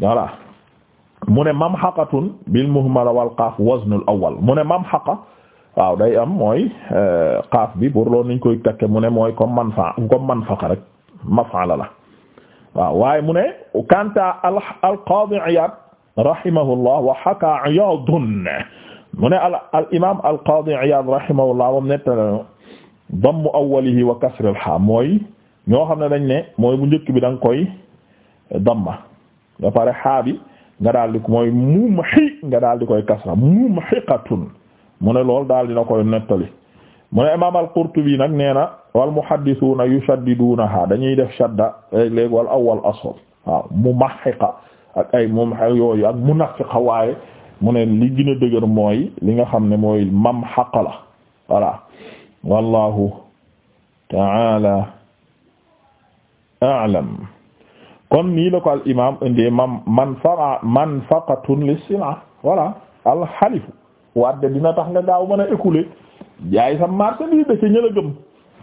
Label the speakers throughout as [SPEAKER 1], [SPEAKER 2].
[SPEAKER 1] voilà mu ne mamhaqatun bil muhmala wal qaaf waznul awwal mu ne mamhaqa waaw day am mooy euh, qaaf bi pour loolu koy takke mu ne mooy comme man fa comme man faqa rek maf'ala la waaye mu ne kanta al qaadi Iyaad rahimahullah wa haka Iyaadun mu al imaam al qaadi Iyaad rahimahullah moom nettali dammu awwalihi wa kasril haa mooy ñoo xam ne dañ ne mooy bu njëkk bi da koy damma nga pare xaabi nga daal di mooy mumhi nga daal di koy kasra mumhiqatun mu ne loolu daal dina koy nettali mu ne imaam al-Qurtubi nag nee na wal muhaddisuuna dañuy def shadda léegi wal awwal asl waaw mumahhiqa ak ay mumhiq yooyu ak munafiqa mu li nga xam ne mooy mamhaq la voilà wallahu ta'ala a'lam kon nii la ko al imam indee man manfaa manfaqatun li sina voilà alxalifu wadde dina tax nga daaw mën a écouler jaay sa marchandise da ci ñëla gëm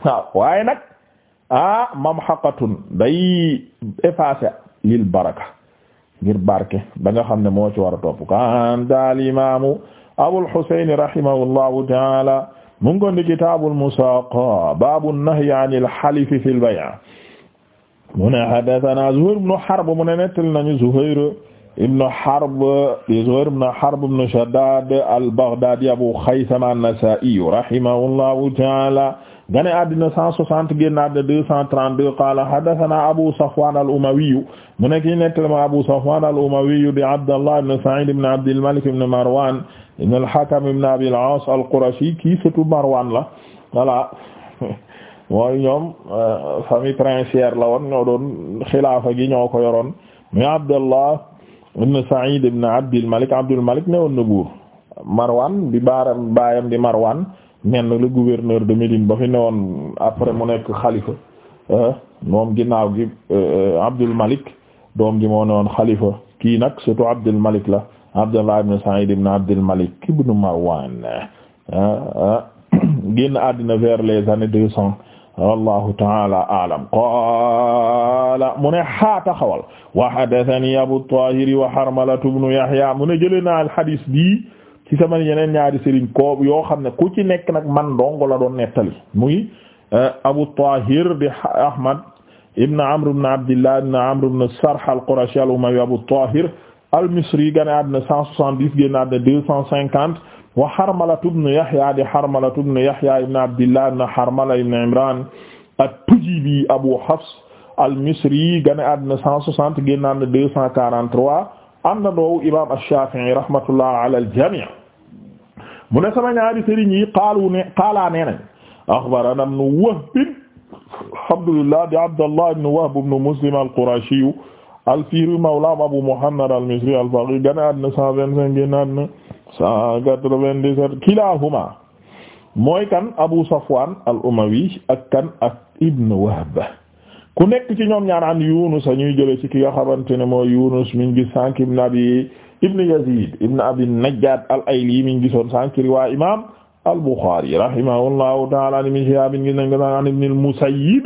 [SPEAKER 1] waaw waaye nag ah mamhaqatun day effacer lil baraka ngir barke ba nga xam ne moo ci war a topp kan daal imamu abul husayn rahimahullahu taala mu ngi ko ni kitaabul musaaqa baabu nahyi anil halifi fil bay' mu ne haddathana Zuhayr ibn Harb mu ne nettali nañu Zuhayr ibn Harb Zuhayr ibn Harb ibn Shaddad al-Baghdadi Abu Khaythama an-Nasa'i rahimahullahu ta'ala gane addina 160 génn addina 232 qala hadathana Abu Safwan al-Umawi mu nekk ñu nettali ma Abu Safwan al-Umawi di Abdallah ibn Sa'id ibn Abd al-Malik ibn Marwan ibn al-Hakam ibn Abi al-As al-Qurashi kii sëtu Marwan la voilà mooy ñoom euh, famille princière la woon ñoo doon xilaafa gi ñoo ko yoroon muy Abdallah ibn Sa'id ibn Abdul Malik Abdul Malik ne woon na buur Marwan bi baaram baayam di Marwan menn le gouverneur de Médine ba fi ne woon après mu nekk xalifa euh, moom ginnaaw gi euh, Abdul Malik doom ji moo ne woon xalifa kii nag surtout Abdul la Abdallah ibn Sa'id ibn Abdul Malik ibn Marwan génn àddina vers les années deux cents wallahu taala aalam qaala mu ne xaata xawal wa hadathani abu tahiri wa harmalatu ibnu yahya mu ne jële naa hadis bi ci sama yeneen ñaari sëriñ ko yoo xam ne ku ci nekk nag man dongo la doon nettali muy eh, abu tahir di ahmad ibn amr ibn abdillah ibn amr ibn sarh al-qurashi al-umawi abu tahir al-misri gane àddina 170 génn àddina 250 wa Harmalatu ibn Yahya di Harmalatu ibn Yahya ibn Abdillah ibn Harmala ibn Imran at-Tujibi Abu Hafs al-Misri gane àddina 160 génn àddina 243 ànd doowu imaam ash-Shafi'i rahmatullah ala al-jami' mu ne sama ñaari sëriñ yi qaalu ne qaalaa nee nañ akhbarana ibn Wahb alhamdulillah di Abdallah ibn Wahb ibn Muslim al-Qurashi al-Fihri mawla Abu Muhammad al-Misri al-Faqih gane àddina 125 génn àddina cent quatre-vingt-dix-sept kilahuma mooy kan Abu Safwan al-Umawi ak kan ak Ibn Wahb ku nekk ci ñoom ñaar an ñuy jële ci ki nga xamante ne mooy Yunus mi ñu gis sànq ibn Abi ibn Yazid ibn Abi Najjad al-Ayli mi ngi gisoon sànq riwaa imam al-Bukhari rahimahullahu ta'ala ni min Shihab ngi nañ ko naan an Ibn al-Musayyib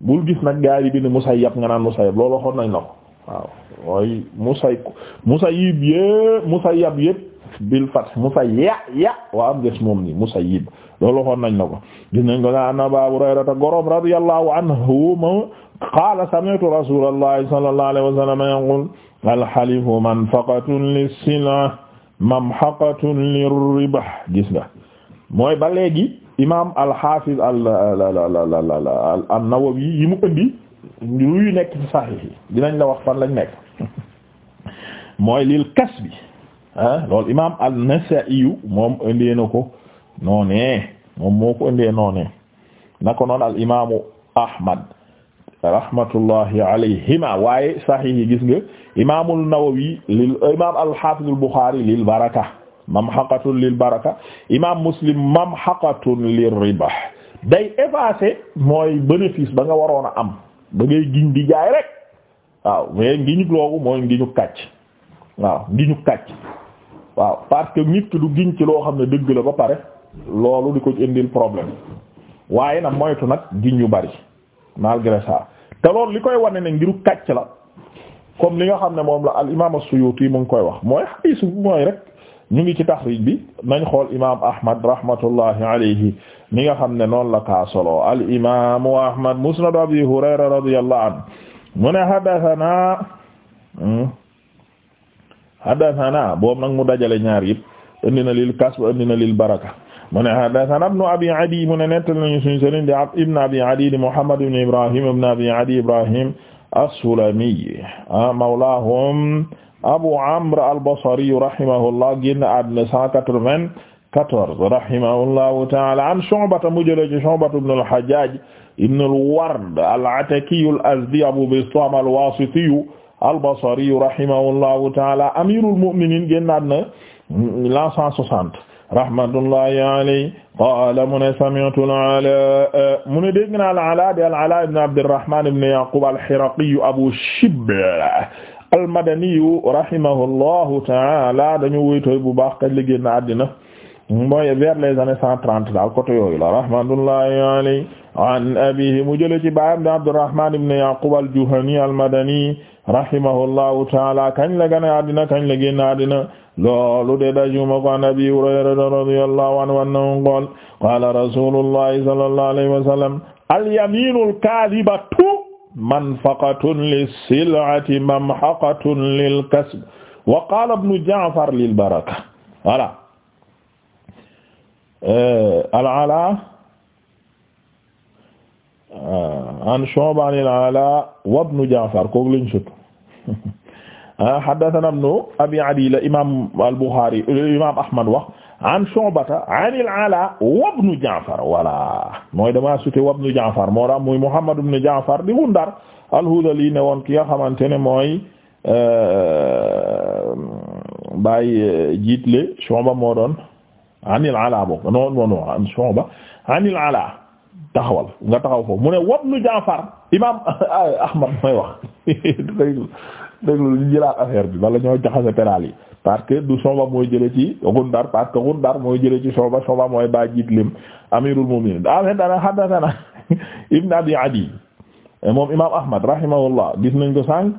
[SPEAKER 1] bul gis nag gaay yi bi ne Musayyab nga naan Musayyab loolu waxoon nañ la ko waaw mooy Musay Musayyib yépp Musayyab yépp bil fath musayya ya wa am des moom ni musayyib loolu waxoon nañ la ko gis nañ ko na anna Abu Hurayrata gorom radiyallahu anhu qaala sami'tu rasulallahi sallallahu alayhi wa sallam yaqul al-halifu manfaqatun lis-sil'a mamhaqatun lir-ribh gis nga mooy ba léegi imaam al-Hafiz an-Nawawi yi mu indi yu nekk ci Sahih yi dinañ la wax fan lañ nekk mooy lil kasbi loolu imaam an-Nasaa'i moom indee na ko noon al imaamu Ahmad rahmatullahi alayhima waaye saxiix yi gis nga imaamul Nawawi lil imaam al-Haafizul Buxaari lil baraka mamhaqatun lil baraka imaam Muslim mamhaqatun lir riba day effacer mooy bénéfice ba nga waroon a am ba ngay giñ di jaay rek waaw mooy ngiñu kàcc waaw ngiñu kàcc waaw parce que nit ki du giñ ci loo xam ne dëgg la ba pare loolu di ko indil problème waaye nag moytu nag giñ yu bari malgré ça te loolu li koy wane ne ngiru kàcc la comme li nga xam ne moom la al imaam as-Suyuti mu ngi koy wax mooy hadiis mooy rek ñu ngi ci taxriij bi nañ xool imaam Ahmad rahmatullahi alayhi mi nga xam ne noonu la kaa solo al imaamu Ahmad musnad Abi Hurayra radiyallahu anhu mu ne haddasanaa hmm? haddathana boobu nag mu dajale ñaar yëpp indi na lil kasb indi na lil baraka mu ne haddathana ibnu abi adi mu ne nettali nañu suñu sëriñ di ibnu abi adi di muhammad ibnu ibrahim ibnu abi adi ibrahim as-sulami mawlahum abu amr al-basri rahimahullah génn àddina cent quatre-vingt-quatorze rahimahullahu ta'ala an Shu'bata mu jëlee ci Shu'bata ibn al-Hajjaj ibn al-Ward al-Ataki al-Azdi Abu Bistam al-Wasiti al-Basri rahimahullahu taala amirul mu'minin génnaat na la 160 rahmatullahi alayhi qaala mu ne sami'tu al-Alaa mu ne dégg naa al-Alaa di al-Alaa ibn Abdirrahmaan ibn Yaquub al-Hiraqi Abu Shibr al-Madani rahimahullahu taala dañu wéytooy bu baax kañ la génn àddina mooy vers les années cent trente daal côté yooyu la rahmatullahi alayhi an abiihi mu jële ci baayam di Abdurrahmaan ibn Yaquub al-Juhani al-Madani rahimahullahu taala kañ la gane àddina kañ la génn àddina loolu de dajuma ko an abi hurayrata radiyallahu anhu annahu qaala qaala rasulullahi sallallahu alayhi wa sallam alyaminul kadibatu manfaqatun lissilati mamhaqatun lilkasb wa qaala ibnu ja'far lilbaraka voilà al euh, ala Ah, an Shu'ba an al wa ibn Ja'far kooku lañ sut ah, haddathana ibnu Abi Adiy la imaam Ahmad wax an Shu'bata an al wa ibn Ja'far voilà mooy damaa sute wa ibn Ja'far moo tax muy Muhammad ibn Ja'far di Wundar al-Hudhali ne woon ki nga xamante ne mooy euh, Baye euh, jiitle Shu'ba moo doon an al-Alaa bokk non non non an Shu'ba an al-Alaa taxawal nga taxaw foofu mu ne wabnu Jaafar imaam Ahmad mooy wax déglu déglu ñu jëlaat affaire bi bala ñoo jaxase pénal yi parce que du Soba mooy jële ci Gundar parce que Gundar mooy jële ci Soba Soba mooy ba jiit lim amirul mu'minin daal ah, dana haddathana ibn gis nañ ko sànq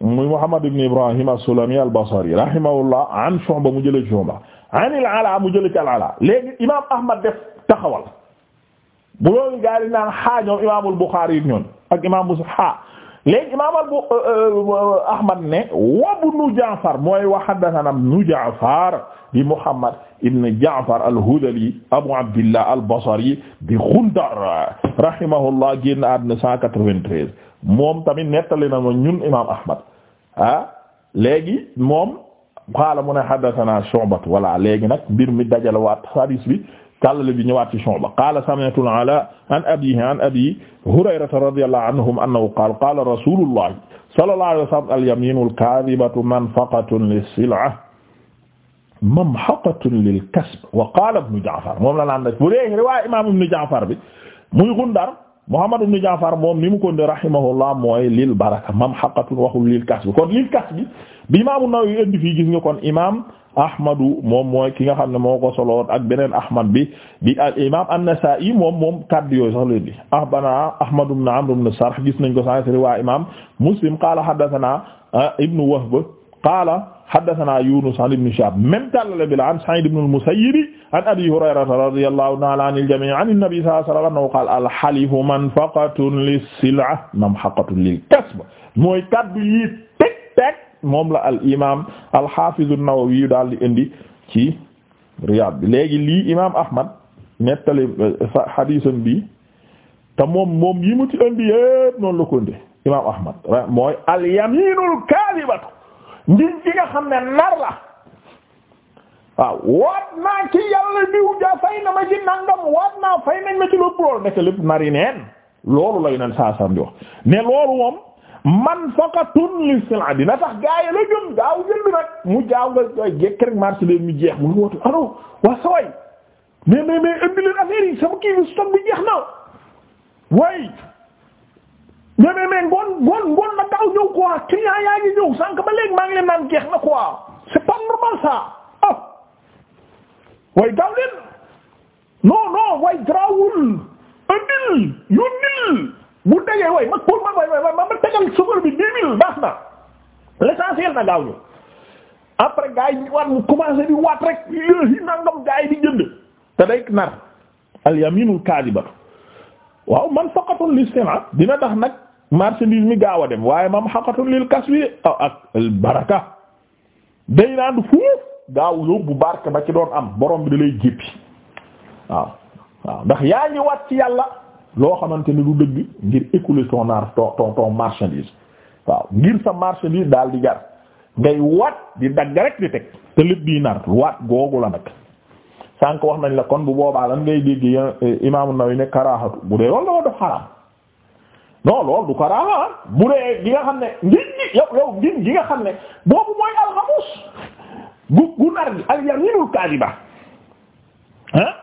[SPEAKER 1] muy Muhammad ibn Ibrahim as-Sulami al mu jële ci Shu'ba an al-Ala mu jële ci al-Ala léegi imaam Ahmad def taxawal. bu loolu gaa yi naan xaa ñoom Buxaari yi ñoon ak imaam Muslim xaa léegi imaam euh, euh, Ahmad ne wabnu Jaafar mooy wa haddathana ibnu Jaafar bi Muhammad ibn Jaafar al-Hudali Abu Abdillah al-Basri bi Ghundar rahimahullah génn àddina 193 moom tamit nettali na ma ñun imaam Ahmad ah léegi moom qaala mu ne haddathana Shu'ba voilà léegi nag mbir mi dajalewaat hadiis bi tàllale bi ñëwaat ci Shu'ba qaala sami'tu al-Alaa an abiihi an Abii Hurayrata radiyallaahu anhum annahu qaala qaala rasuulullaahi sallallaahu alayhi wa sallam al-yamiinu al-kaadhibatu manfaqatun lis-sil'ati mamhaqatun lil-kasb wa qaala Ibnu Ja'far moom la naan def bu dee riwaaya imaam Ibnu Ja'far bi muy Gundar Muhammad ibn Ja'far moom ni mu ko ne rahimahullah mooy lil baraka mamhaqatun waxul lil kasb kon lil kasb bi imaamu Nawawi indi fii gis nga kon imaam Ahmadu moom mooy ki nga xam ne moo ko solo ak beneen Ahmad bi bi al imaam An-Nasaa'i moom moom kaddu yooyu sax leen di ahbana Ahmad ibn Amr ibn Sarh gis nañ ko sax riwaa imaam Muslim qaala haddathanaa ah, ibnu Wahb qaala haddathanaa Yuunus an ibn Shihaab même tallale bi la an Sa'iid ibn al-Musayyib an Abii Hurayrata radiyallaahu ta'aalaa anil jamii' an an-nabii sallallaahu alayhi wa sallam annahu qaala al-halifu manfaqatun lis-sil'a mamhaqatun lil-kasb mooy kaddu yi teg moom la al imaam al xaafizu nawawi daal di indi ci Riyaad bi léegi lii imaam Ahmad nettali euh, sa bi te moom moom yi mu ci indi yépp noonu la ko indi imaam Ahmad mooy al yamiinul kaadibatu ngiñ ci nga xam ne nar la waaw waat naa ci yàlla diw ja fay na ma ci nangam waat naa fay nañ ma ci lu lool nekk lépp nari neen loolu la ñu naan saa wax ne loolu moom. man faqatun li sila a tax gaa yi la jëm gaaw jënd rek mu jaaw nga koy jekk rek marché leen mu jeex mu ngi woote allo waa saway mais mais mais indi leen affaire kii bi stock bi jeex na way mais mais mais ngoon ngoon na gaaw ñëw quoi client yaa ngi ñëw sànq ba léegi maa jeex na quoi c'est pas normal ça ah. way gaaw non non way grawul indil yónnil bu dajee way ma pour ma way way ma ma tegal chauffeur bi dix mille na l'essentiel na gaaw ñu après gars yi commencé di waat rek yi nangam gars di jënd te day nar al yaminul waaw man faqatul listima dina tax nag marchandise mi gaaw a dem waaye mam xaqatul lil kasbi ak baraka day naan fuuf gaaw yóbbu barke ba ci doon am borom bi da lay jéppi waaw waaw ndax yaa ngi waat ci yàlla loo xamante ni du dëgg ngir écouler ton ar ton ton ton waaw ngir sa marchandise daal di jar ngay waat di dagg rek di teg te lépp di nar waat googu la nag sànq wax nañ la kon bu boobaa la ngay dégg e, imaamu Nawawi ne karaahatu bu dee loolu la def xaraam non loolu du karaaha bu dee gi nga xam ne ngir gi yow yow ngir gi nga xam ne boobu mooy alxamus gu gu nar gi al yaminul kaadiba ah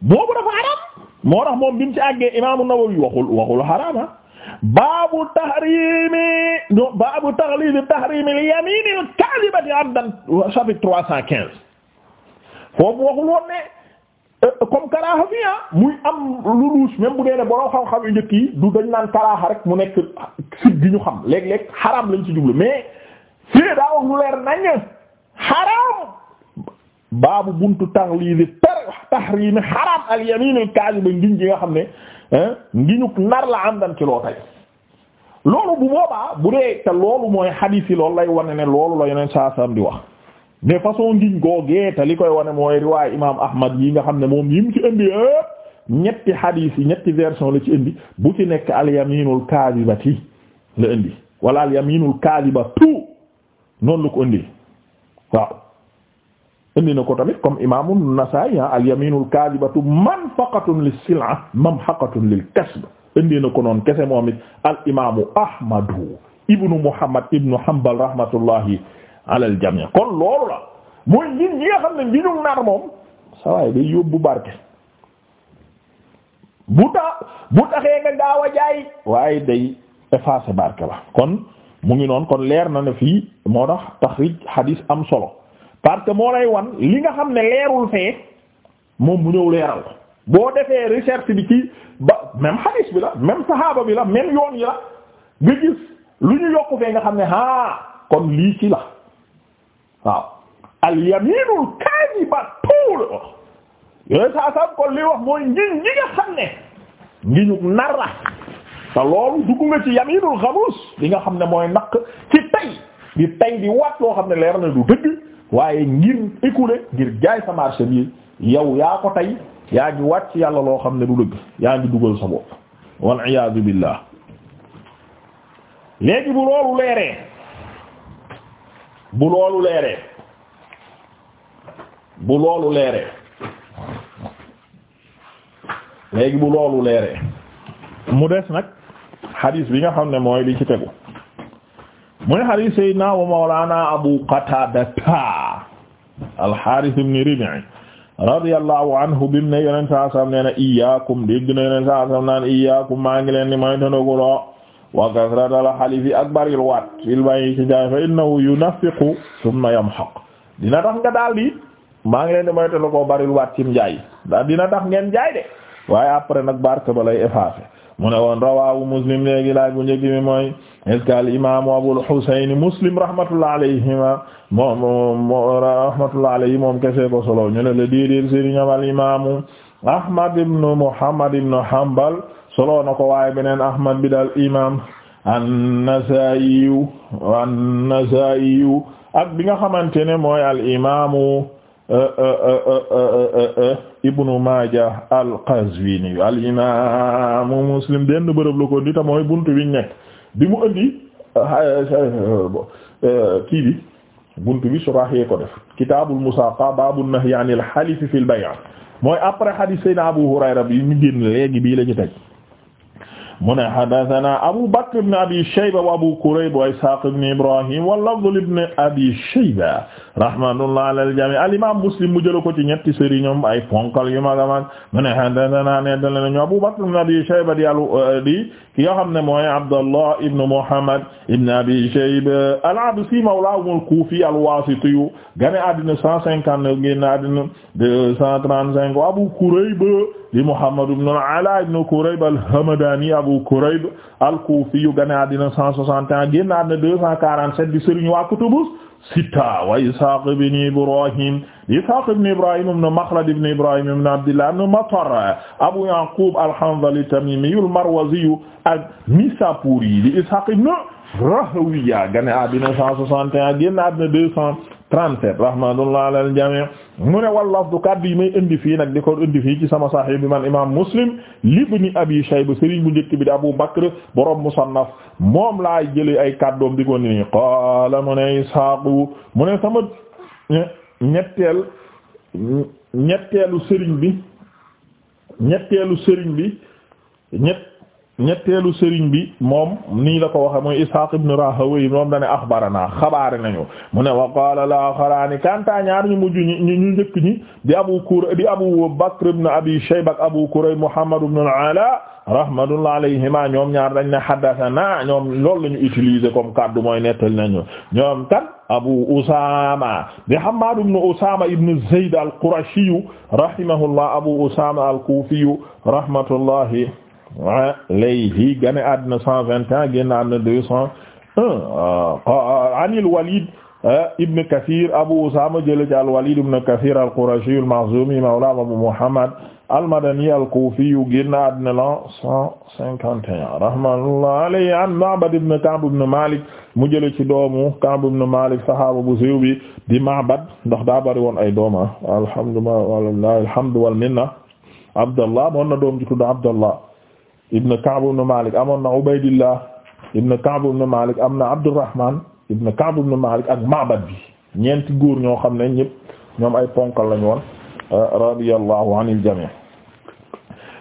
[SPEAKER 1] boobu dafa xaraam moo tax moom bi ci àggee imaamu Nawawi waxul waxul xaraama baabu tahrimi baabu taxliidi tahrimi al-yamiini al-kaadibati abdan chapitre trois cent quinze foofu waxul woon euh, comme karaaxa fi ah muy am lu luus même bu dee ne borom xam-xam yu njëkk du dañ naan karaaxa rek mu nekk si gi ñu xam léeg-léeg xaraam lañ ci jublu mais fii daa wax lu leer nañ xaraam baabu buntu taxliidi per taxriimi xaraam al yamiinil ngiñ gi nga xam ne ngiñuk nar la àndan ci loo tay loolu bu boobaa bu dee te loolu mooy xadiis yi lay wane ne loolu la yeneen saa saam di wax mais façon ngiñ googee te li koy wane mooy riwaay imaam Ahmad yi nga xam ne moom yi mu ci indi ñetti xadiis yi ñetti version la ci indi bu ci nekk al yamiinul kaasibati la indi wala al yamiinul kaasibatu noonu la ko indi waaw indi na ko tamit kom imaamu Nasaa'i ah, al yaminul kaadibatu manfaqatun lis sil'a mamhaqatun lil kasb indi na ko noonu kese moom it al imaamu Ahmadu ibnu Muhammad ibnu Hanbal rahmatullahi ala al jamii kon loolu la mooy ñun ñi nga xam ne nar moom saa waay day barke. bu taa bu nga gaaw a jaay waaye day barke la kon mu ngi noonu kon leer na ne fii moo tax am solo. parce que moo lay wan li nga xam ne leerul fee moom mu ñëw leeral boo defee recherche bi ci ba même hadith bi la même sahaba bi la même yoon yi la nga gis lu ñu yokku fee nga xam ne ah kon lii ci la waaw al yaminul kaadiba tuul yooyu saa saa kon li wax mooy ngiñ ñi nga xam ne ngiñu nar la te loolu dugg nga ci yaminul xamuus li nga xam ne mooy naq ci tay di tay di waat loo xam ne leer na du dëgg waaye ngir écouler ngir jaay sa marché bi yow yaa ko tey yaa ngi wàcc yàlla loo xam ne du dëgg yaa ngi dugal sa bopp wal iyaadu billah léegi bu loolu leeree bu loolu leeree bu loolu leeree léegi bu loolu leeree mu des nag xadiis bi nga xam ne mooy li ci tegu muy hadith sayyidina wa mawlana abu qatada al-harith ibn rib'i radiyallahu anhu bim ne yoneen saa sam nee na iyaakum dégg na yoneen saa sam naan iyaakum maa ngi leen ni mooy tanakuloo wa kasratal halifi ak baril waat il bàyyi ci jaay fa innahu yunafiqu summa yamhaq dina tax nga daal di maa ngi leen di moytala koo baril waat cim jaay ndax dina tax ngeen jaay de waaye après nag ba mu ne woon rawahu muslim léegi laaj bu njëkk bi mooy est-ce que muslim rahmatullah alayhima moom rahmatullah alayhi moom kese ko solo ñu ne le diidir sëriñam al imaamu ahmad ibn muhammad ibn hanbal solo na waaye beneen ahmad bi dal imam an-nasaa'i nga xamante ne Euh, euh, euh, ibnu Maaja al-Qazwini al-imaamu Muslim benn bërëb la ko indi te mooy buntu bi nekk bi mu indi kii bi buntu bi suraaxee ko def kitaabul musaaqa baabu nahyi anil halifi fil bay' mooy après hadith Seydina Abu Hurayra bi ñu génn léegi bii la ñu teg mu ne haddathana Abu Bakr ibn Abi Shayba wa Abu Kurayb wa Ishaq ibn Ibrahim wa lafz ibn Abi Shayba rahmatullah ala al-jami' al-imam Muslim mu jël ko ci ñetti sëriñam ay ponkal yu mag a mag mu ne haddathana nettali nañu Abu Bakr ibn Abi Shayba di di ki nga xam ne mooy Abdallah ibn Muhammad ibn Abi Shayba al-Absi mawlahum al-Kufi al-Wasiti gane àddina 159 génn àddina 235 Abu Kurayb di Muhammad ibn al-Ala ibn Kurayb al-Hamadani Abu Kurayb al-Kufi yu gane àddina 161 génn àddina 247 di sëriñ waa kutubu sitta wa Ishaq ibn Ibrahim Ishaq ibn Ibrahim ibn Makhlad ibn Ibrahim ibn Abdillah ibn Matar Abu Yaqub al-Hanzali at-Tamimi al-Marwazi an-Nisapuri di Ishaq ibn Rahawiya gane àddina 161 génn àddina 200 37 rahmatullah ala aljami mu ne wal lafdu kaddu yi may indi fii nag di ko indi fii ci sama sahih bi man imam muslim libni abi shayba sëriñ bu njëkk bi di abu bakr borom musannaf moom laa jëlee ay kaddoom di ko ni qaala mu ne ishaaqu mu ne sama ñetteel ñetteelu sëriñ bi ñetteelu sëriñ bi ñett ñetteelu sëriñ bi moom nii la ko waxe mooy Ishaq ibn Rahawayh moom dane axbarana xabaare nañu mu ne wa qaala al-aaxaraani kanta ñaar ñu mu ñi ñu njëkk ñi di Abu Kur di Abu Bakr ibn Abi Shayba ak Abu Kurayb Muhammad ibn al-Ala rahmatullah alayhima ñoom ñaar dañ ne haddathana ñoom loolu la ñu utiliser comme kaddu mooy nettal nañu ñoom kan Abu Usama di Hammad ibn Usama ibn Zayd al-Qurashi rahimahullah Abu Usama al-Kufi rahmatullahi alayhi gane àddina cent vingt ans génn àddina deux cent un ah, anil Walid eh, ibn Kathir Abu Usama jële ci al-Walid ibn Kathir al-Qurashi al-Makhzumi mawla Abu Muhammad al-Madani al-Kufi génn àddina l'an cent cinquante et un rahmatullah alayhi an Ma'bad ibn Ka'b ibn Malik mu jële ci doomu Ka'b ibn Malik sahaaba bu siiw bi di Ma'bad ndax daa bari woon ay dooma alhamdulillah alhamdu wal minna Abdallah moon na doom ji tudd Abdallah ibn Ka'b ibn Malik amoon na Ubaydillah ibn Ka'b ibn Malik am na Abdurrahman ibn Ka'b ibn Malik ak Ma'bad bi ñeenti góor ñoo xam ne ñëpp ñoom ay ponkal lañu woon euh, radiyallahu anil jami'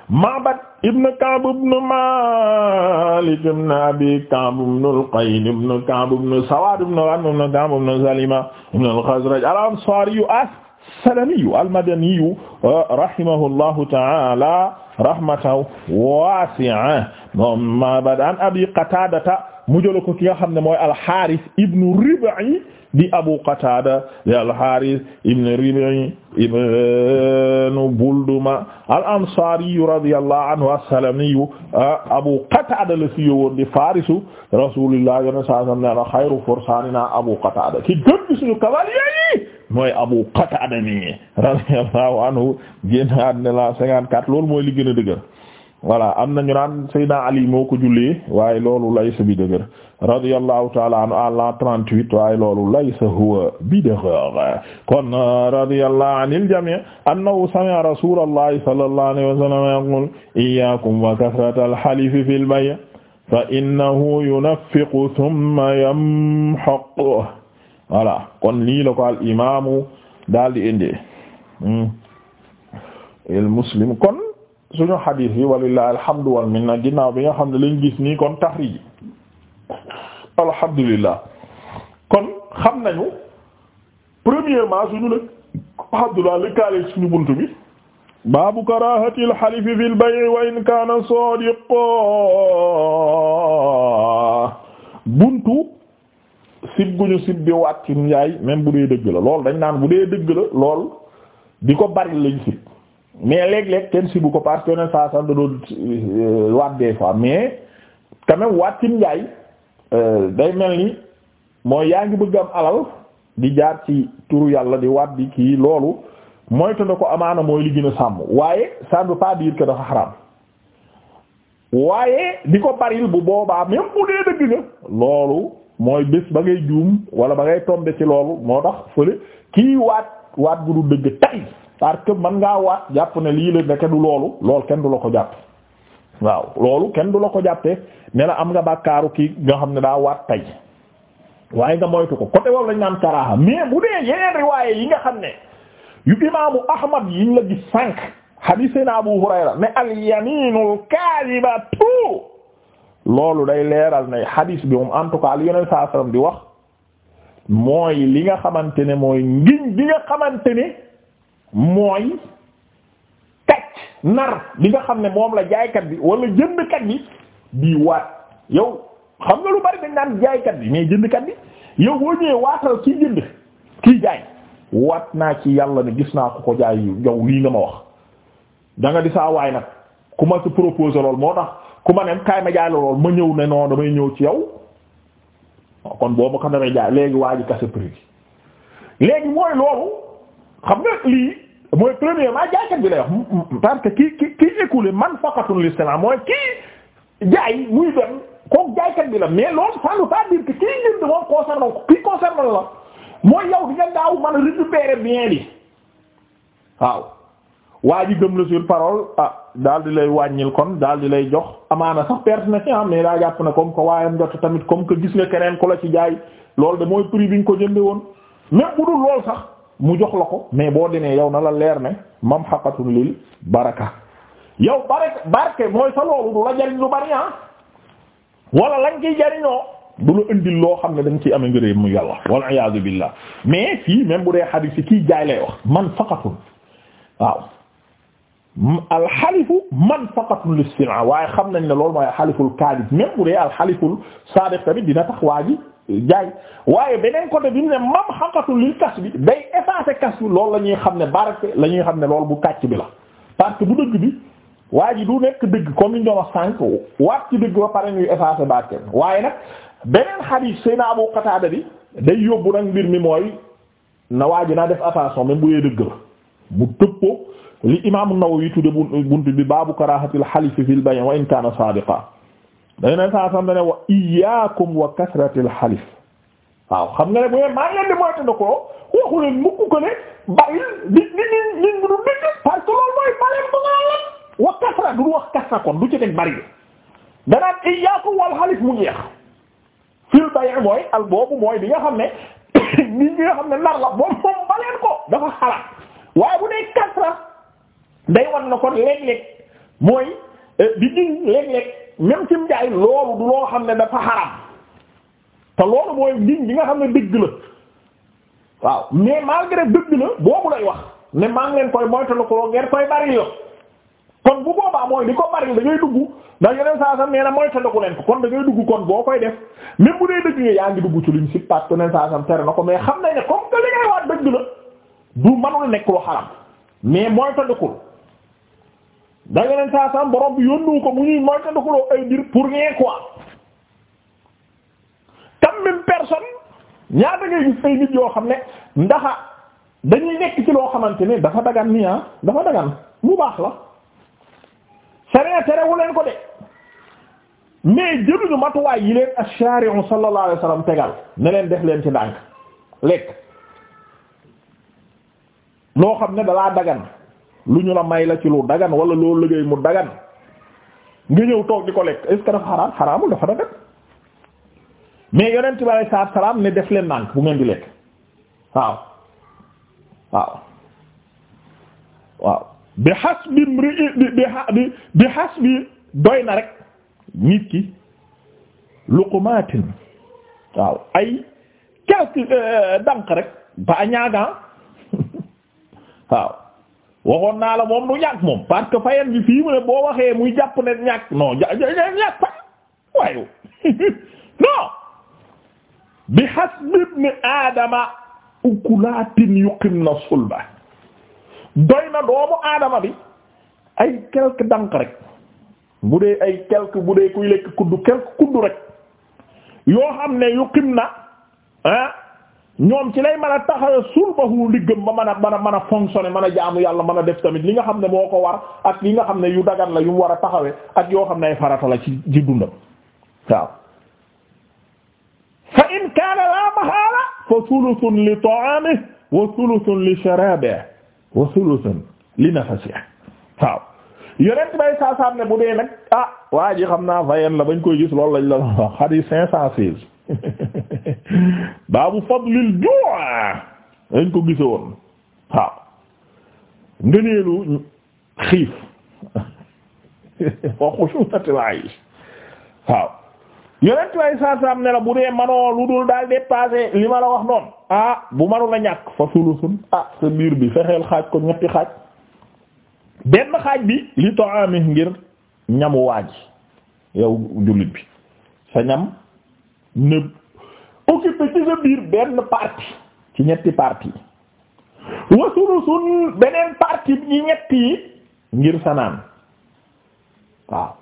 [SPEAKER 1] Ma'bad ibn Ka'b ibn Malik ibn Abi Ka'b ibn al-Qayn ibn Ka'b ibn Sawad ibn Ghanm ibn Ka'b ibn Salima ibn al-Khazraj al-Ansari as-Salami al-Madani euh, rahimahullahu ta'ala rahmatan wasi'a moom Ma'bad an Abi Qataadata mu jël ko ki nga xam ne mooy al-Haaris ibn Rib'i di Abu Qataada ya al-Haaris ibn Rib'i ibn Bulduma al-Ansaari radiyallahu anhu as-Salami Abu Qataada la si yowoon di farisu Rasulullah sallallahu alayhi wa sallam xayru fursaanina Abu Qataada ki gën suñu cavalier yi mooy Abu Qatada mi radiyallahu anhu génn àddina la 54 loolu mooy li gën a dëgër voilà am na ñu naan Seydina Ali moo ko jullee waaye loolu laysa bi dëgër radiyallahu ta'ala anhu à la 38 waaye loolu laysa huwa bi dëgër kon euh, radiyallahu anil jami' annahu sami'a rasulallahi sallallahu alayhi wa sallam yaqul iyyakum wa kasratal halifi fil bay' fa innahu yunaffiqu thumma yamhaqu voilà kon lii la al imaamu daal di indee al hmm. muslim kon suñu xadiis bi walillahi alhamdu wal minna ginnaaw bi nga xam ne lañ gis nii kon taxriji alhamdulillah kon xam nañu premièrement suñu nag alhamdulillah li kaale suñu bunt bi baabu karahati alxalifi fi lbayi wa in kaana sadiqa buntu sib gu ñu sib di waat ci njaay même bu dee dëgg la loolu dañ naan bu dee dëgg la lool di ko bari lañ sib mais léeg-léeg kenn sibu ko parce que yeneen saa sax da euh, waat des fois mais quand même waat ci njaay euh, day mel ni mooy yaa ngi bëgg am alal di jaar ci turu yàlla di waat di kii loolu mooy te na ko amaana mooy li gën sàmm waaye ça ne veut pas dire que dafa xaraam waaye di ko baril bu boobaa même bu dee dëgg nga loolu mooy bés ba ngay juum wala ba ngay tombe ci loolu moo tax fële kii waat waat bu du dëgg tay parce man ngaa waat jàpp ne lii la nekk du loolu lool kenn du la ko jàpp waaw loolu kenn du la ko jàppee ne la am nga kaaru kii nga xam ne daa waat tay waaye nga moytu ko côté woowu lañ naan karaaha mais bu dee yeneen riwaaye yi nga xam ne yu imaamu ahmad yiñ la gis sànq hadise na abu hurayra ne al yaminul kaadibatu loolu day leeral ne hadis bi moom en tout cas li saa sallam di wax mooy li nga xamante ne mooy ngiñ bi nga xamante ne mooy kacc nar bi nga xam ne moom la jaaykat bi wala jëndkat bi di waat yow xam nga lu bari dañ naan jaaykat bi mais jëndkat bi yow boo ñëwee waatal kii jënd kii jaay waat naa ci yàlla ne gis naa ko ko jaay yow lii nga ma wax danga nga di saa waay nag ku ma ci proposé lool moo tax ku ma ne kaay ma jaay la lool ma ñëw ne non damay ñëw ci yow kon boobu ko damay jaay léegi waa ji kase prix bi léegi mooy loolu xam nga lii mooy premièrement jaaykat bi lay parce que ki ki ki écoulé man faqatul l'islam mooy kii jaay muy dem kooku jaaykat bi la mais loolu ça ne veut pas dire que kii moom concerne kii concerne la mooy yow di nga daaw mën a récupérer bien li waaw. waa ji gëm la sur parole ah daal di lay wàññil kon daal di lay jox amaana sax perte na am ah, mais daa jàpp na comme que waayam jot tamit comme que gis nga keneen ku la ci jaay loolu de mooy prix bi nga ko jënde woon mais bu dul lool sax mu jox la ko mais boo demee yow na la leer ne mam xaqatun lil baraka yow barke barke mooy sa loolu du la jariñ lu bari ah wala lañ ciy jariñoo du la indil loo xam ne dañ ciy ame ngërëy mu yàlla wal iyaazu billah mais fii même bu dee xadis yi kiy jaay lay man faqatun alxalifu manfaqatun lissinaa waaye xam nañ ne loolu mooy alxaliful kadib même bu dee alxaliful sadiq tamit dina tax waa ji jaay waaye beneen côté bi mu ne mamhaqatun lil kas bi day effacer kas bi loolu la ñuy xam ne barke la ñuy xam ne loolu bu kàcc bi la parce que bu dëgg bi waa ji du nekk dëgg comme ni ñu doon wax sànq waat ci dëgg ba pare ñuy effacer barke waaye nag beneen xadiis Seydina Abu Qataada bi day yóbbu nag mbir mi mooy na waa ji naa def attention même bu dee dëgg la mu tëppoo li imaamu Nawawi tudde buntu bi baabu karaahatil xalifi fil bay' wa in kaana saadiqan dañ wa iyyaakum wa kasratil waaw xam nga ne bu maa ngi leen di moytu ko waxu leen mukk ko ne bàyyil di di di di mooy bàyyil ko nga wa kasra du wax kasra kon du ci teg bari danaan iyyaakum wal mu jeex fil bay' mooy mooy bi nga ne nit ñi nga baleen ko dafa xalaat waaye bu dee kasra day wan na kon léeg-léeg mooy euh, di jiñ léeg-léeg même ci njaay loolu du loo xam ne dafa xaram te loolu mooy jiñ bi nga xam ne dëgg la waaw mais malgré dëgg la boobu lay wax ne maa ngi leen koy moytalu ko ngeen koy bari yo kon bu boobaa mooy di ko bari da ngay dugg ndax yeneen saa sam nee ko ko kon da ngay kon boo koy def même bu dee dëgg nga yaa ngi dugg ci si parce que saa sam tere na ko mais xam nañ ne ko que li ngay wax dëgg du manul nekk lu xaram mais mooy tandikul da nga leen saa sam borom bi ko mu ñuy mooy tandikuloo ay mbir pour rien quoi tam même personne ñaata ngay gis ay nit yoo xam ne ndaxa dañuy nekk ci loo xamante ne dafa dagan nii ah dafa dagan bu baax la sere terewu leen ko de mais jëluñu matuwaay yi leen ak shariu sallallahu alayhi wasallam tegal ne leen def leen ci ndànk lekk loo xam ne dalaa dagan lu ñu la may la ci lu dagan wala loo liggéey mu dagan nga ñëw toog di ko lekk est-ce que dafa xaraam xaraamul dafa dagan mais yonent bi alayhi salaatu salaam ne def leen nànk bu ngeen di lekk waaw waaw bi xas bi bi xas bi doy na rek nit ki luqumaatin waaw ay quelque euh, dànk rek ba ñaaga waaw waxoon naa la moom du ñàkk moom parce que fayam bi fii mu ne boo waxee muy jàpp ne ñàkk non ñàkk fay waaye non bi hasbi ibn aadama ukulaatin yuqim na sulba doy na doomu aadama bi ay quelque dank rek bu dee ay quelque bu dee kuy lekk kuddu quelque kuddu rek yoo xam ne yuqim na ah ñoom ci lay mën a taxawe sulbahu liggëm ma mën a mën a mën a fonctionner mën a jaamu yàlla mën a def tamit li nga xam ne moo ko war ak li nga xam ne yu dagan la yu mu war a taxawee ak yoo xam ne ay la ci ci dundam waaw fa in kaana la li ta'amihi wa thuluthun li sharabihi ne bu ah, ji xam naa fayen la bañ koy gis loolu lañ la wax xadis cinq cent baabu fadlil juu'a dañ ko gise woon waaw ngëneelu xiif wa xushunatil aish waaw yonent way saasam ne la bu dee manoo lu dul daal dépassé li ma la wax noonu ah bu manu la ñàkk fa sulusun ah sa biir bi fexeel xaaj ko ñetti xaaj benn xaaj bi li ta'ami ngir ñamu waaji yow jullit bi sa ñam ne occupé ci sa biir benn partie ci ñetti partie wa sulusun beneen partie bi ñetti yi ngir sa naan waaw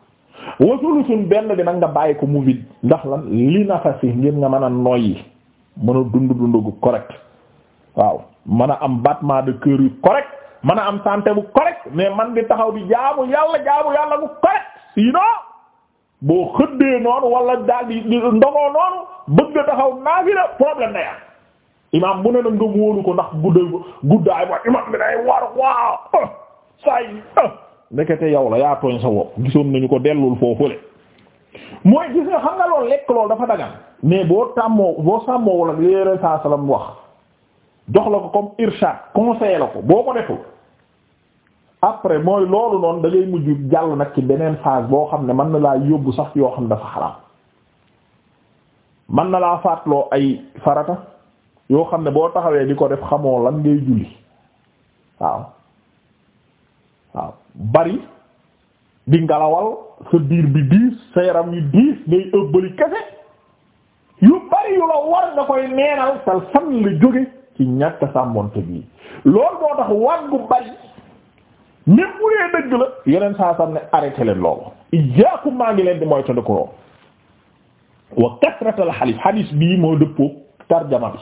[SPEAKER 1] wa sulusun benn bi nag nga bàyyi ko mu vide ndax la li nafasi ngir nga mën a noyyi mën a dund dund gu correct waaw mën a am battement de cœur correct mën a am santé bu correct mais man di taxaw bi jaamu yàlla jaamu yàlla bu correct sinon boo xëddee noonu walla daal di ndogoo noonu bëgg a taxaw naafila problème na yaa imaam bu ne na nga wóolu ko ndax gudday guddaay ba imaam bi day war waaw ah, say ah. ndekete yow la yaa tooñ sa bopp gisoon nañu ko dellul foofule mooy gis nga xam nga loolu lekk loolu dafa dagan mais boo tàmmoo boo sàmmoo wala li yore saa salaam wax jox la ko comme irshad conseiller la ko boo ko deful après mooy loolu noonu da ngay mujj jàll nag ci beneen phase boo xam ne mën na laa yóbbu sax yoo xam ne dafa xaraam mën na laa fàttaloo ay farata yoo xam ne boo taxawee di ko def xamoo lan ngay julli waaw bari di ngalawal sa biir bi diis sa yaram yu diis ngay ëbbali kese yu bari yu la war nga koy neenal tal fan la jóge ci ñàkk sàmmonte bii loolu moo tax wàggu bari même bu dee dëgg la yeneen saa sam ne arrêté leen loolu iyaakum maa ngi leen di moytu ndekoo wa kasratal xadis xadis bii moo dëppoo tarjama bi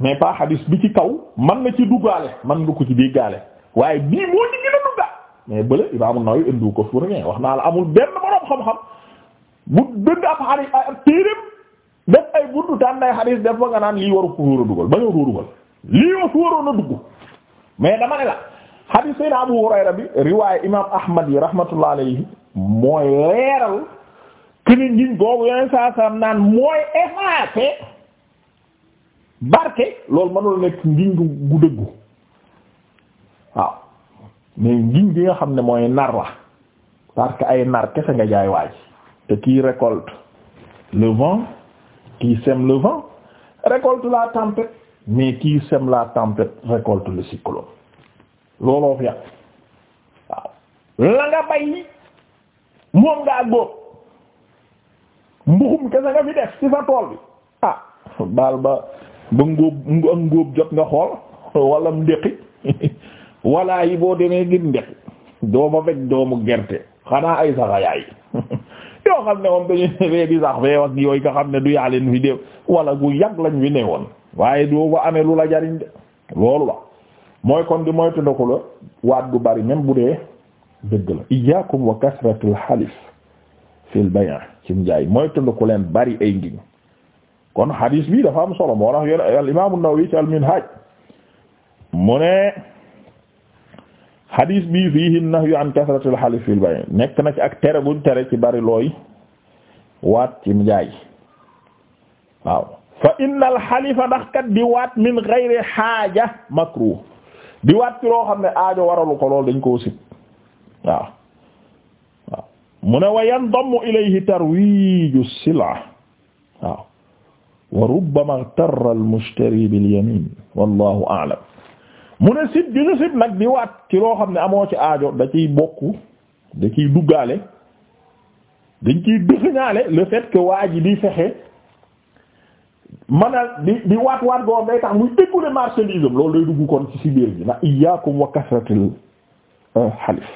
[SPEAKER 1] mais pas xadis bi ci kaw man na ci duggaale man nga ko ci biir gaale waaye bii moo ci gën a dugga mais bële Imaam An-Nawawi indiwu ko wax naa amul benn boroom xam-xam bu dëgg ab xadis ak ay buntu daan nay xadis def ba nga naan lii waru ko wóor a dugal ba nga wóor a dugal lii waru ko waroon a dugg mais dama ne la. hadith sayna Abu Hurayra bi riwaaya imaam Ahmad yi rahmatullah alayhi mooy leeral kini ngiñ googu yeneen saa saa naan mooy effacé barke loolu mënul nekk ngiñ gu dëggu waaw mais ngiñ gi nga xam ne mooy nar la parce que ay nar kese nga jaay waaj te qui récolte le vent qui sème le vent récolte la tempête mais qui sème la tempête récolte le cyclone looloo fi yàq waaw la nga bay moom ngaa góob mbuxum kese nga fi def ci sa tool bi ah baal ba ba ngóob ngóob jot nga xool wala ndéqi walla yi boo demee ngir ndéqi doo fa fekk doomu gerte xanaa ay saxa yoo xam ne moom dañu fee di sax fee wax yooyu nga xam ne du yaaleen fi dee wala gu yàgg lañ fi ne woon waaye doo fa amee lu la jariñ de loolu la mooy kon di moytu ndako la waat gu bari même bu dee dëgg la iyyakum wa kasratul xalif fil bay' ci njaay moytu ndako leen bari ay ngiñ kon hadis bi dafa am solo moo tax yo al imam an-Nawawi ci al-Minhaj mu ne hadis bi fiihi nahyu an kasratil xalif fil bay' nekk na ci ak tere buñ tere ci bari looy waat ci njaay waaw fa innal xalifa ndax kat di waat min ghayri xaaja makruh di waat ci loo xam ne aajo waralu ko lool dañ koo sib waaw waaw mu ne wa yandamu ilayhi tarwiju sila waaw wa rubbama ightarra al-mushtari bil yamin wallahu a'lam mu ne sib ju ñu nag di waat ci loo xam ne amoo ci aajo da ciy bokku da ciy duggaale dañ ciy dëxëñaale le fait que waa ji di fexe man a di di waat waat boobu day tax muy écoulé marchandise loolu day dugg kon ci si biir bi na iyyakum wa kasratil euh, xalif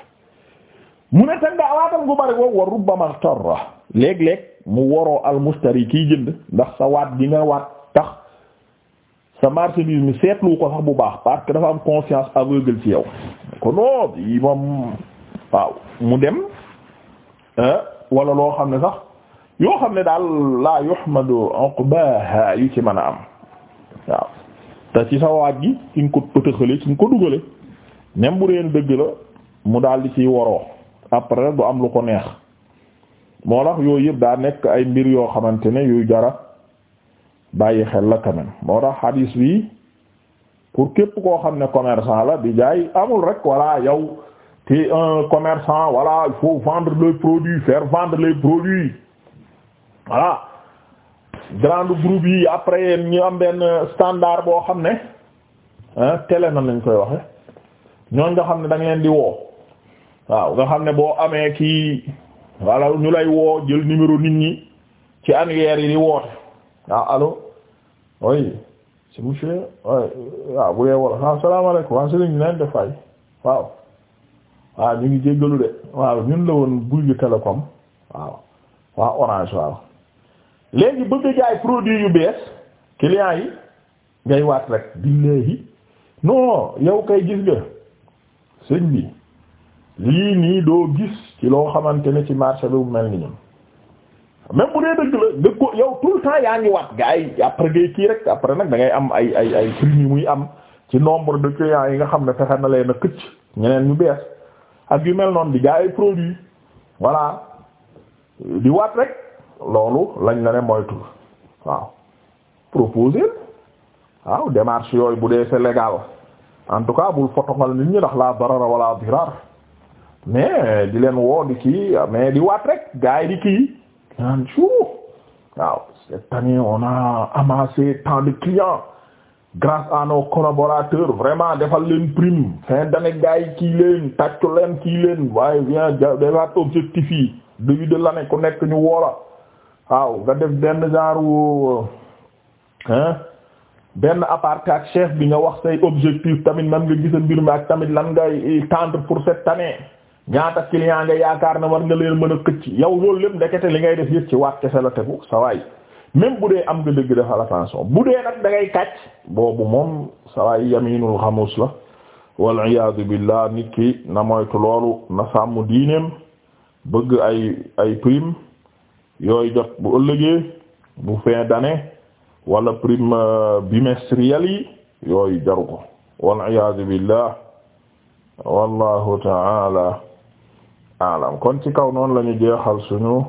[SPEAKER 1] mu ne te nga waatal gu bari boobu wa rubbama tarra léeg-léeg mu waroo almustari kiy jënd ndax sa waat gi nga waat tax sa marchandise mi seetlu ko sax bu baax parce que dafa am confiance aveugle ci yow kon mu dem euh, wala loo xam ne sax yoo xam ne daal laa yuhmadu uqbaha yu ci mën a am waaw te ci sa waaj gi ci nga ko pëtëxale ci nga ko dugale même bu deen dëgg la mu daal di ciy woroo après du am lu ko neex moo tax yooyu yëpp daa nekk ay mbir yoo xamante ne yuy jara bàyyi xel la quand même moo tax xadiis bi pour képp koo xam ne commerçant la di jaay amul rek voilà yow te un commerçant voilà il faut vendre les produits faire vendre les produits voilà grande groupe yi après ñu am benn standard boo xam ne télé nan lañ koy waxe ñooñ nga xam ne da nga leen di woo waaw nga xam ne boo amee kii walla ñu lay woo jël numéro nit ñi ci annuaire yi di woote waaw ah, allo oui c'est monsieur waaw bu dee wala asalaamaaleykum ah, waaw sëriñ leen def waaw waaw ñu ngi jéggalu de waaw ñun la woon buy télécom waaw waa orange waaw léegi bëgg jaay produit yu bees clients yi ngay waat rek léegi non yow kay gis nga lii nii doo gis ci loo xamante ne ci marché bi bu mel nii ñun même bu dee dëgg la dëgg ko yow temps yaa ngi waat gars ay après ngay kii rek après nag dangay am ay ay ay prix yu muy am ci nombre de clients yi nga xam ne fexe na leen a këcc ñeneen ñu bees ak yu mel noonu di jaay yi produit voilà di waat rek. loolu lañ la ne moytul waaw proposer waaw démarche yooyu bu dee c'est légal en tout cas bul fotoxal nit ñi ndax la darara wala dirar mais di leen woo di kii mais di waat rek gars yi di kii naan su waaw cette a amassé de clients grâce à nos collaborateurs vraiment defal leen prime fin d'année gars yi kii leen tàccu leen kii leen waaye viens defaat objectif yi début de l'année ku nekk ñu woola waaw nga def benn gaaru genre benn aparté ak chef bi nga wax say objectif tamit nan nga gisa mbir mi ak tamit lan ngay tendre pour cette année ñaata client nga yaakaar na war nga leen mën a këcc yow loolu lépp ndekete li ngay def yëpp ci waat kese la tegu sa waay même bu dee am nga dëgg defal attention bu dee nag da ngay kàcc boobu moom sa waay yaminul xamus la wal iyaadu billah nit ki na moytu loolu na sàmm diineem bëgg ay ay prime yooyu jot bu ëllëgee bu fin d'année wala prime euh, bimestrielle yi yooyu jaru ko wal iyaazu billah wallahu taala alam kon ci kaw noonu la jeexal suñu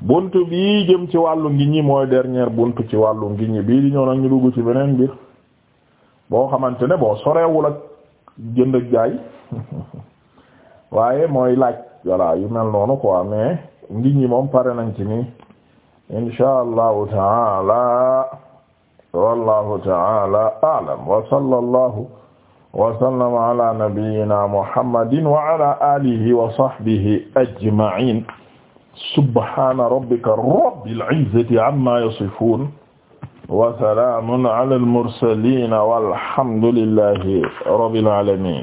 [SPEAKER 1] bunt bii jëm ci wàllu ngi ñi mooy dernière bunt ci wàllu ngi ñi bii di ñëw nag ñu dugg ci beneen mbir boo xamante ne boo sorewul ak jënd ak jaay waaye mooy laaj voilà yu mel noonu quoi mais ngi ñi moom pare nañ ci ni insha allahu taala wallahu taala a'lam wa sallallahu wa sallama ala nabiyyina muhammadin wa ala alihi wa sahbihi ajma'in subhana rabbika rabbil izzati amma yasifun wa salamun ala al mursalin walhamdulillahi rabbil alamin